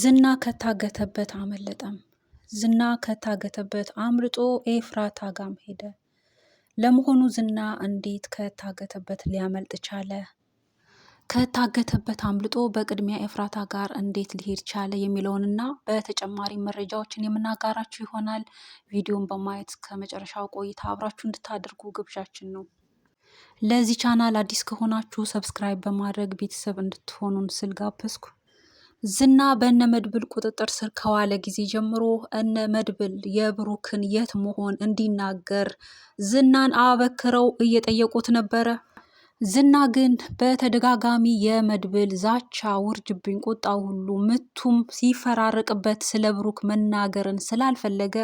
ዝና ከታገተበት አመለጠም። ዝና ከታገተበት አምልጦ ኤፍራታ ጋም ሄደ። ለመሆኑ ዝና እንዴት ከታገተበት ሊያመልጥ ቻለ? ከታገተበት አምልጦ በቅድሚያ ኤፍራታ ጋር እንዴት ሊሄድ ቻለ የሚለውንና በተጨማሪ መረጃዎችን የምናጋራችሁ ይሆናል። ቪዲዮን በማየት ከመጨረሻው ቆይታ አብራችሁ እንድታደርጉ ግብዣችን ነው። ለዚህ ቻናል አዲስ ከሆናችሁ ሰብስክራይብ በማድረግ ቤተሰብ እንድትሆኑን ስል ጋበዝኩ። ዝና በእነ መድብል ቁጥጥር ስር ከዋለ ጊዜ ጀምሮ እነ መድብል የብሩክን የት መሆን እንዲናገር ዝናን አበክረው እየጠየቁት ነበረ። ዝና ግን በተደጋጋሚ የመድብል ዛቻ፣ ውርጅብኝ፣ ቁጣ ሁሉ ምቱም ሲፈራረቅበት ስለ ብሩክ መናገርን ስላልፈለገ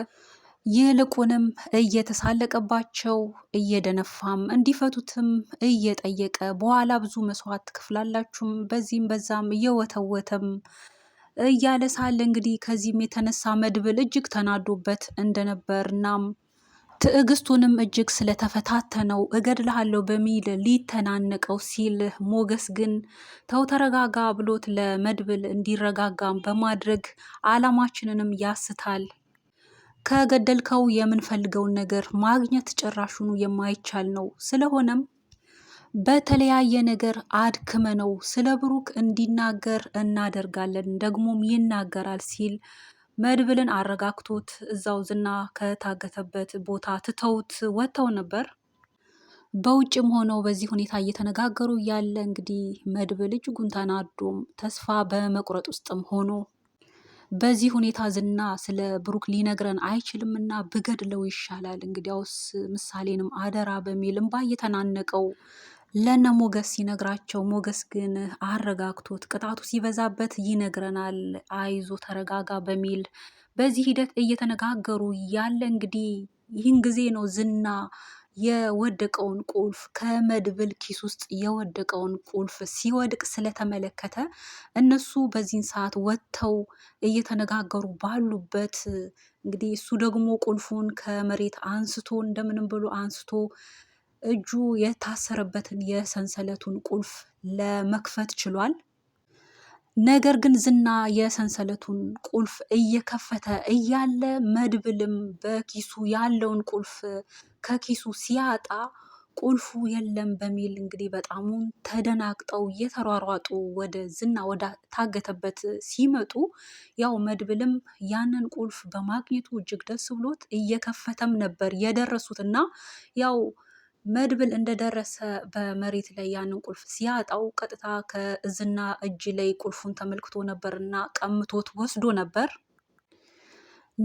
ይልቁንም እየተሳለቀባቸው እየደነፋም እንዲፈቱትም እየጠየቀ በኋላ ብዙ መስዋዕት ክፍላላችሁም በዚህም በዛም እየወተወተም እያለ ሳለ እንግዲህ ከዚህም የተነሳ መድብል እጅግ ተናዶበት እንደነበር እናም ትዕግስቱንም እጅግ ስለተፈታተነው እገድልሃለሁ በሚል ሊተናነቀው ሲል ሞገስ ግን ተው ተረጋጋ ብሎት ለመድብል እንዲረጋጋም በማድረግ አላማችንንም ያስታል ከገደልከው የምንፈልገውን ነገር ማግኘት ጭራሹኑ የማይቻል ነው። ስለሆነም በተለያየ ነገር አድክመነው ስለ ብሩክ እንዲናገር እናደርጋለን፣ ደግሞም ይናገራል ሲል መድብልን አረጋግቶት እዛው ዝና ከታገተበት ቦታ ትተውት ወጥተው ነበር። በውጭም ሆነው በዚህ ሁኔታ እየተነጋገሩ ያለ እንግዲህ መድብል እጅጉን ተናዶም ተስፋ በመቁረጥ ውስጥም ሆኖ በዚህ ሁኔታ ዝና ስለ ብሩክ ሊነግረን አይችልምና ብገድለው ይሻላል፣ እንግዲያውስ ምሳሌንም አደራ በሚል እምባ እየተናነቀው ለነ ሞገስ ሲነግራቸው ሞገስ ግን አረጋግቶት ቅጣቱ ሲበዛበት ይነግረናል፣ አይዞ ተረጋጋ በሚል በዚህ ሂደት እየተነጋገሩ ያለ እንግዲህ ይህን ጊዜ ነው ዝና የወደቀውን ቁልፍ ከመድብል ኪስ ውስጥ የወደቀውን ቁልፍ ሲወድቅ ስለተመለከተ እነሱ በዚህን ሰዓት ወጥተው እየተነጋገሩ ባሉበት እንግዲህ እሱ ደግሞ ቁልፉን ከመሬት አንስቶ እንደምንም ብሎ አንስቶ እጁ የታሰረበትን የሰንሰለቱን ቁልፍ ለመክፈት ችሏል። ነገር ግን ዝና የሰንሰለቱን ቁልፍ እየከፈተ እያለ መድብልም በኪሱ ያለውን ቁልፍ ከኪሱ ሲያጣ ቁልፉ የለም በሚል እንግዲህ በጣሙን ተደናግጠው እየተሯሯጡ ወደ ዝና ወደ ታገተበት ሲመጡ ያው መድብልም ያንን ቁልፍ በማግኘቱ እጅግ ደስ ብሎት እየከፈተም ነበር የደረሱት እና ያው መድብል እንደደረሰ በመሬት ላይ ያንን ቁልፍ ሲያጣው ቀጥታ ከእዝና እጅ ላይ ቁልፉን ተመልክቶ ነበርና ቀምቶት ወስዶ ነበር።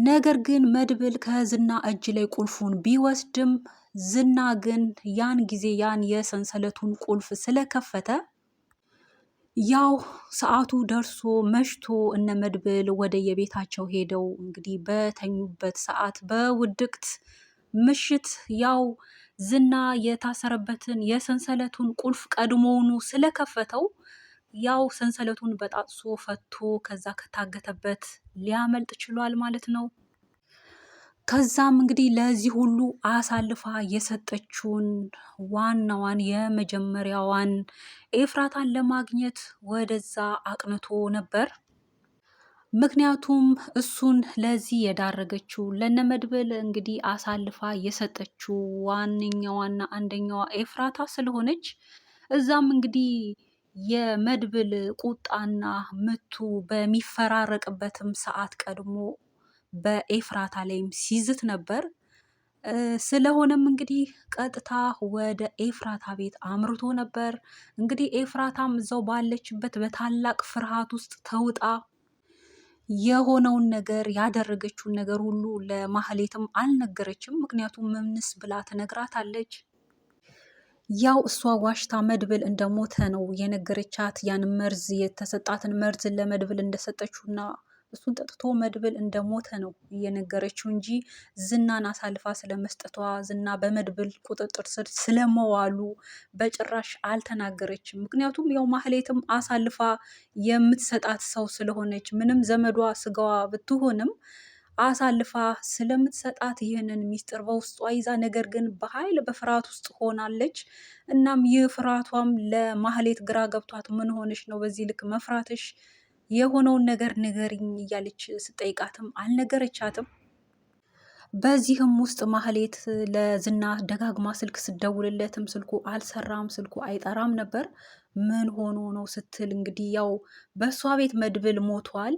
ነገር ግን መድብል ከዝና እጅ ላይ ቁልፉን ቢወስድም ዝና ግን ያን ጊዜ ያን የሰንሰለቱን ቁልፍ ስለከፈተ ያው ሰዓቱ ደርሶ መሽቶ እነ መድብል ወደ የቤታቸው ሄደው እንግዲህ በተኙበት ሰዓት በውድቅት ምሽት ያው ዝና የታሰረበትን የሰንሰለቱን ቁልፍ ቀድሞውኑ ስለከፈተው ያው ሰንሰለቱን በጣጥሶ ፈቶ ከዛ ከታገተበት ሊያመልጥ ችሏል ማለት ነው። ከዛም እንግዲህ ለዚህ ሁሉ አሳልፋ የሰጠችውን ዋናዋን የመጀመሪያዋን ኤፍራታን ለማግኘት ወደዛ አቅንቶ ነበር። ምክንያቱም እሱን ለዚህ የዳረገችው ለነመድብል እንግዲህ አሳልፋ የሰጠችው ዋነኛዋና አንደኛዋ ኤፍራታ ስለሆነች እዛም እንግዲህ የመድብል ቁጣና ምቱ በሚፈራረቅበትም ሰዓት ቀድሞ በኤፍራታ ላይም ሲዝት ነበር። ስለሆነም እንግዲህ ቀጥታ ወደ ኤፍራታ ቤት አምርቶ ነበር። እንግዲህ ኤፍራታም እዛው ባለችበት በታላቅ ፍርሃት ውስጥ ተውጣ የሆነውን ነገር ያደረገችውን ነገር ሁሉ ለማህሌትም አልነገረችም። ምክንያቱም ምንስ ብላ ትነግራታለች? ያው እሷ ዋሽታ መድብል እንደሞተ ነው የነገረቻት። ያን መርዝ የተሰጣትን መርዝን ለመድብል እንደሰጠችውና እሱን ጠጥቶ መድብል እንደሞተ ነው እየነገረችው እንጂ ዝናን አሳልፋ ስለመስጠቷ ዝና በመድብል ቁጥጥር ስር ስለመዋሉ በጭራሽ አልተናገረችም። ምክንያቱም ያው ማህሌትም አሳልፋ የምትሰጣት ሰው ስለሆነች ምንም ዘመዷ ስጋዋ ብትሆንም አሳልፋ ስለምትሰጣት ይህንን ሚስጥር በውስጧ ይዛ ነገር ግን በኃይል በፍርሃት ውስጥ ሆናለች። እናም ይህ ፍርሃቷም ለማህሌት ግራ ገብቷት ምን ሆነች ነው በዚህ ልክ መፍራትሽ የሆነውን ነገር ንገሪኝ እያለች ስጠይቃትም አልነገረቻትም። በዚህም ውስጥ ማህሌት ለዝና ደጋግማ ስልክ ስደውልለትም ስልኩ አልሰራም፣ ስልኩ አይጠራም ነበር። ምን ሆኖ ነው ስትል እንግዲህ ያው በእሷ ቤት መድብል ሞቷል።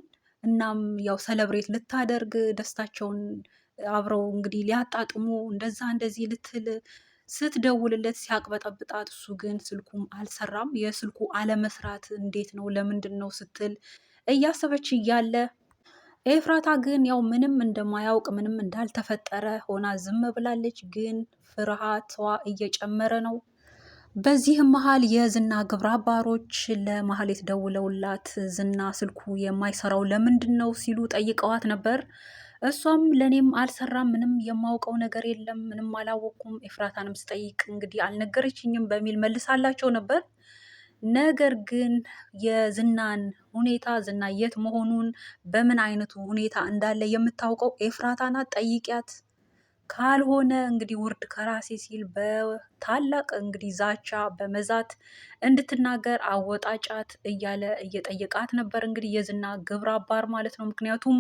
እናም ያው ሰለብሬት ልታደርግ ደስታቸውን አብረው እንግዲህ ሊያጣጥሙ እንደዛ እንደዚህ ልትል ስትደውልለት ሲያቅበጠብጣት፣ እሱ ግን ስልኩም አልሰራም። የስልኩ አለመስራት እንዴት ነው ለምንድን ነው ስትል እያሰበች እያለ ኤፍራታ ግን ያው ምንም እንደማያውቅ ምንም እንዳልተፈጠረ ሆና ዝም ብላለች። ግን ፍርሃቷ እየጨመረ ነው። በዚህም መሀል የዝና ግብረ አባሮች ለማህሌት ደውለውላት ዝና ስልኩ የማይሰራው ለምንድን ነው ሲሉ ጠይቀዋት ነበር። እሷም ለእኔም አልሰራም፣ ምንም የማውቀው ነገር የለም፣ ምንም አላወኩም፣ ኤፍራታንም ስጠይቅ እንግዲህ አልነገረችኝም በሚል መልሳላቸው ነበር። ነገር ግን የዝናን ሁኔታ ዝና የት መሆኑን በምን አይነቱ ሁኔታ እንዳለ የምታውቀው ኤፍራታና ጠይቂያት ካልሆነ እንግዲህ ውርድ ከራሴ ሲል በታላቅ እንግዲህ ዛቻ በመዛት እንድትናገር አወጣጫት እያለ እየጠየቃት ነበር። እንግዲህ የዝና ግብረ አባር ማለት ነው። ምክንያቱም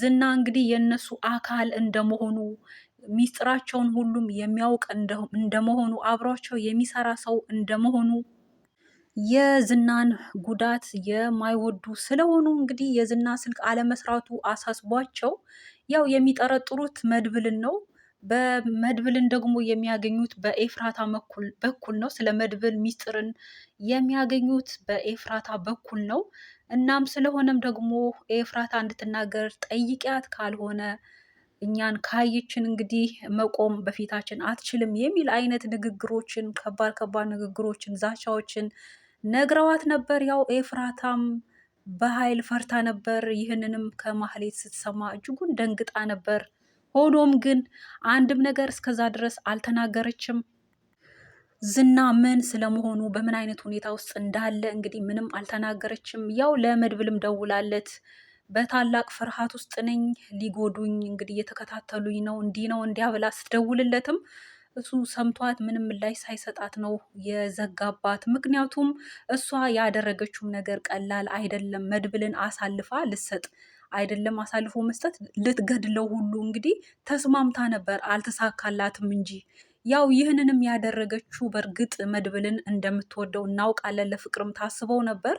ዝና እንግዲህ የእነሱ አካል እንደመሆኑ ሚስጥራቸውን ሁሉም የሚያውቅ እንደመሆኑ አብሯቸው የሚሰራ ሰው እንደመሆኑ የዝናን ጉዳት የማይወዱ ስለሆኑ እንግዲህ የዝና ስልክ አለመስራቱ አሳስቧቸው ያው የሚጠረጥሩት መድብልን ነው። በመድብልን ደግሞ የሚያገኙት በኤፍራታ በኩል ነው። ስለ መድብል ሚስጥርን የሚያገኙት በኤፍራታ በኩል ነው። እናም ስለሆነም ደግሞ ኤፍራታ እንድትናገር ጠይቂያት፣ ካልሆነ እኛን ካየችን እንግዲህ መቆም በፊታችን አትችልም የሚል አይነት ንግግሮችን፣ ከባድ ከባድ ንግግሮችን፣ ዛቻዎችን ነግረዋት ነበር። ያው ኤፍራታም በኃይል ፈርታ ነበር። ይህንንም ከማህሌት ስትሰማ እጅጉን ደንግጣ ነበር። ሆኖም ግን አንድም ነገር እስከዛ ድረስ አልተናገረችም። ዝና ምን ስለመሆኑ በምን አይነት ሁኔታ ውስጥ እንዳለ እንግዲህ ምንም አልተናገረችም። ያው ለመድብልም ደውላለት በታላቅ ፍርሃት ውስጥ ነኝ፣ ሊጎዱኝ እንግዲህ እየተከታተሉኝ ነው፣ እንዲህ ነው እንዲያ ብላ ስደውልለትም እሱ ሰምቷት ምንም ላይ ሳይሰጣት ነው የዘጋባት። ምክንያቱም እሷ ያደረገችውም ነገር ቀላል አይደለም። መድብልን አሳልፋ ልሰጥ አይደለም አሳልፎ መስጠት ልትገድለው ሁሉ እንግዲህ ተስማምታ ነበር፣ አልተሳካላትም እንጂ ያው ይህንንም ያደረገችው በእርግጥ መድብልን እንደምትወደው እናውቃለን። ለፍቅርም ታስበው ነበር።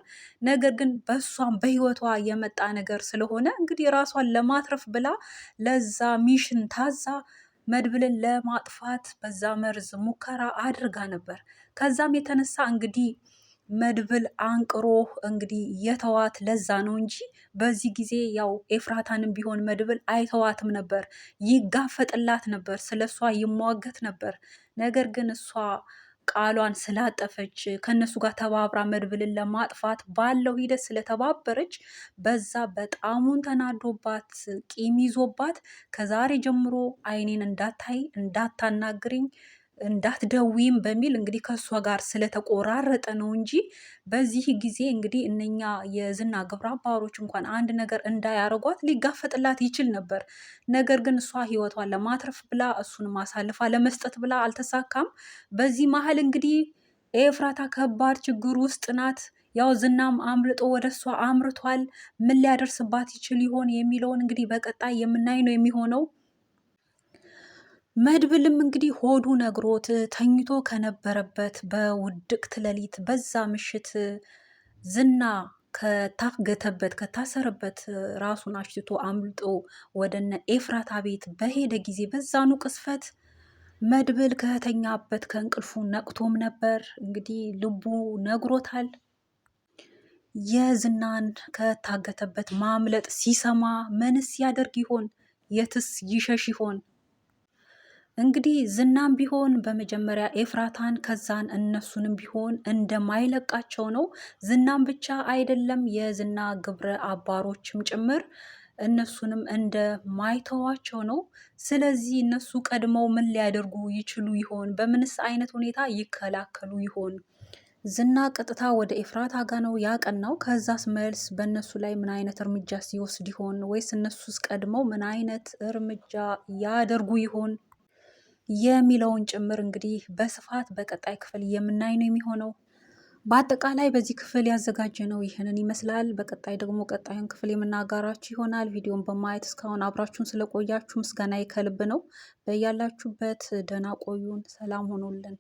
ነገር ግን በእሷም በህይወቷ የመጣ ነገር ስለሆነ እንግዲህ ራሷን ለማትረፍ ብላ ለዛ ሚሽን ታዛ መድብልን ለማጥፋት በዛ መርዝ ሙከራ አድርጋ ነበር። ከዛም የተነሳ እንግዲህ መድብል አንቅሮ እንግዲህ የተዋት ለዛ ነው እንጂ በዚህ ጊዜ ያው ኤፍራታንም ቢሆን መድብል አይተዋትም ነበር፣ ይጋፈጥላት ነበር፣ ስለ እሷ ይሟገት ነበር። ነገር ግን እሷ ቃሏን ስላጠፈች ከነሱ ጋር ተባብራ መድብልን ለማጥፋት ባለው ሂደት ስለተባበረች በዛ በጣሙን ተናዶባት ቂም ይዞባት ከዛሬ ጀምሮ አይኔን እንዳታይ እንዳታናግሪኝ እንዳትደዊም በሚል እንግዲህ ከእሷ ጋር ስለተቆራረጠ ነው እንጂ በዚህ ጊዜ እንግዲህ እነኛ የዝና ግብረ አባሮች እንኳን አንድ ነገር እንዳያረጓት ሊጋፈጥላት ይችል ነበር። ነገር ግን እሷ ህይወቷ ለማትረፍ ብላ እሱን ማሳልፋ ለመስጠት ብላ አልተሳካም። በዚህ መሀል እንግዲህ ኤፍራታ ከባድ ችግር ውስጥ ናት። ያው ዝናም አምልጦ ወደ እሷ አምርቷል። ምን ሊያደርስባት ይችል ይሆን የሚለውን እንግዲህ በቀጣይ የምናይ ነው የሚሆነው። መድብልም እንግዲህ ሆዱ ነግሮት ተኝቶ ከነበረበት በውድቅት ሌሊት በዛ ምሽት ዝና ከታገተበት ከታሰረበት ራሱን አሽትቶ አምልጦ ወደነ ኤፍራታ ቤት በሄደ ጊዜ በዛኑ ቅስፈት መድብል ከተኛበት ከእንቅልፉ ነቅቶም ነበር። እንግዲህ ልቡ ነግሮታል። የዝናን ከታገተበት ማምለጥ ሲሰማ ምንስ ያደርግ ይሆን? የትስ ይሸሽ ይሆን? እንግዲህ ዝናም ቢሆን በመጀመሪያ ኤፍራታን ከዛን እነሱንም ቢሆን እንደማይለቃቸው ነው። ዝናም ብቻ አይደለም የዝና ግብረ አባሮችም ጭምር እነሱንም እንደማይተዋቸው ነው። ስለዚህ እነሱ ቀድመው ምን ሊያደርጉ ይችሉ ይሆን? በምንስ አይነት ሁኔታ ይከላከሉ ይሆን? ዝና ቀጥታ ወደ ኤፍራታ ጋ ነው ያቀናው። ከዛስ መልስ በእነሱ ላይ ምን አይነት እርምጃ ሲወስድ ይሆን? ወይስ እነሱስ ቀድመው ምን አይነት እርምጃ ያደርጉ ይሆን? የሚለውን ጭምር እንግዲህ በስፋት በቀጣይ ክፍል የምናይ ነው የሚሆነው። በአጠቃላይ በዚህ ክፍል ያዘጋጀ ነው ይህንን ይመስላል። በቀጣይ ደግሞ ቀጣዩን ክፍል የምናጋራችሁ ይሆናል። ቪዲዮን በማየት እስካሁን አብራችሁን ስለቆያችሁ ምስጋና ከልብ ነው። በያላችሁበት ደህና ቆዩን። ሰላም ሆኖልን